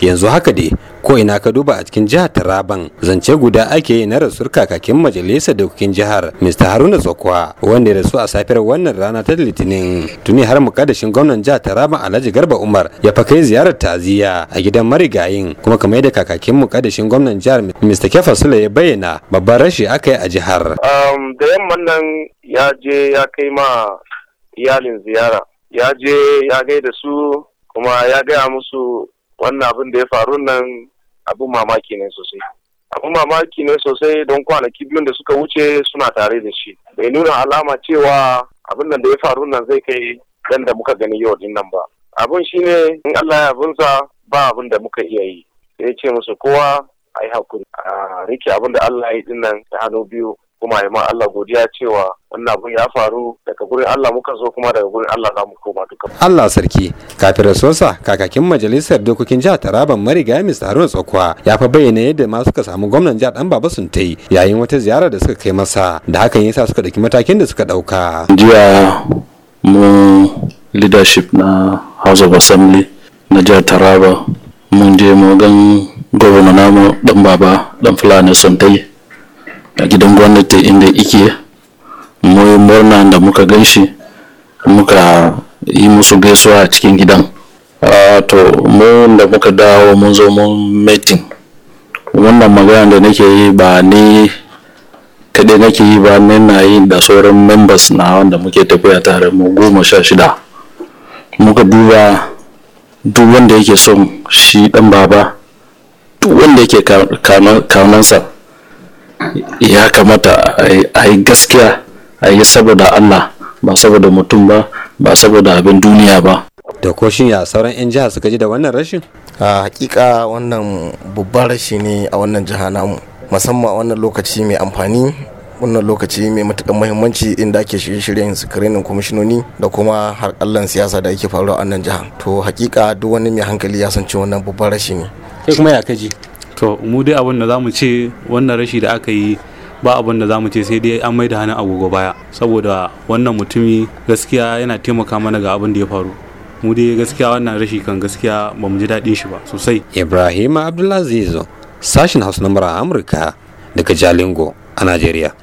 yanzu haka dai ko ina ka duba a cikin jihar Taraban zance guda ake yi na rasuwar kakakin majalisar dokokin jihar Mr. Haruna Tsokwa wanda ya rasu a safiyar wannan rana ta Litinin tuni har mukaddashin gwamnan jihar Taraban Alhaji Garba Umar ya fa kai ziyarar taziya a gidan marigayin kuma kamar yadda kakakin mukaddashin gwamnan jihar Mr. Kefa Sule ya bayyana babban rashi aka yi a jihar da yamman nan ya je ya kai ma iyalin ziyara ya je ya gaida su kuma ya gaya musu wannan abin da ya faru nan abin mamaki ne sosai abin mamaki ne sosai don kwanaki biyun da suka wuce suna tare da shi bai nuna alama cewa abin da ya faru nan zai kai dan da muka gani yau din nan ba abin shine in Allah ya bunsa ba abin da muka iya yi sai ce musu kowa a yi hakuri a rike abin da Allah ya yi din nan da hannu biyu kuma yi ma Allah godiya cewa wannan abun ya faru daga gurin Allah muka zo kuma daga gurin Allah za mu koma duka. Allah sarki kafin sosa kakakin majalisar dokokin jihar Taraban marigaya Mr. Haruna Tsokwa ya fa bayyana yadda ma suka samu gwamnan jihar Dan Baba tai yayin wata ziyara da suka kai masa da hakan yasa suka ɗauki matakin da suka ɗauka. Jiya mu leadership na House of Assembly na jihar Taraba mun je mu gan gwamna namu Dan Baba Dan Fulani Suntai a gidan gwamnati inda ike mu murna da muka gan shi muka yi musu gaisuwa a cikin gidan to mu da muka dawo mun zo mun meeting wannan magana da nake yi ba ni kaɗai nake yi ba ni na yi da sauran members na wanda muke tafiya tare mu goma sha shida muka duba duk wanda yake son shi ɗan baba duk wanda yake kaunansa ya kamata a yi gaskiya a yi saboda allah ba saboda mutum ba ba saboda abin duniya ba da ko shi ya sauran 'yan jiha suka ji da wannan rashin a hakika wannan babban rashi ne a wannan jiha namu musamman a wannan lokaci mai amfani wannan lokaci mai matukan mahimmanci inda ake shirye-shiryen sikirinin kwamishinoni da kuma harkallan siyasa da ake faruwa a nan jiha to hakika duk wani mai hankali ya san cewa wannan babban rashi ne kai kuma ya kaji to mu dai abin da za mu ce wannan rashi da aka yi ba abin da za mu ce sai dai an mai da hannun agogo baya saboda wannan mutumi gaskiya yana taimaka mana ga abin da ya faru mu dai gaskiya wannan rashi kan gaskiya ba mu ji daɗin shi ba sosai ibrahim abdulaziz sashen hausa na amurka daga jalingo a najeriya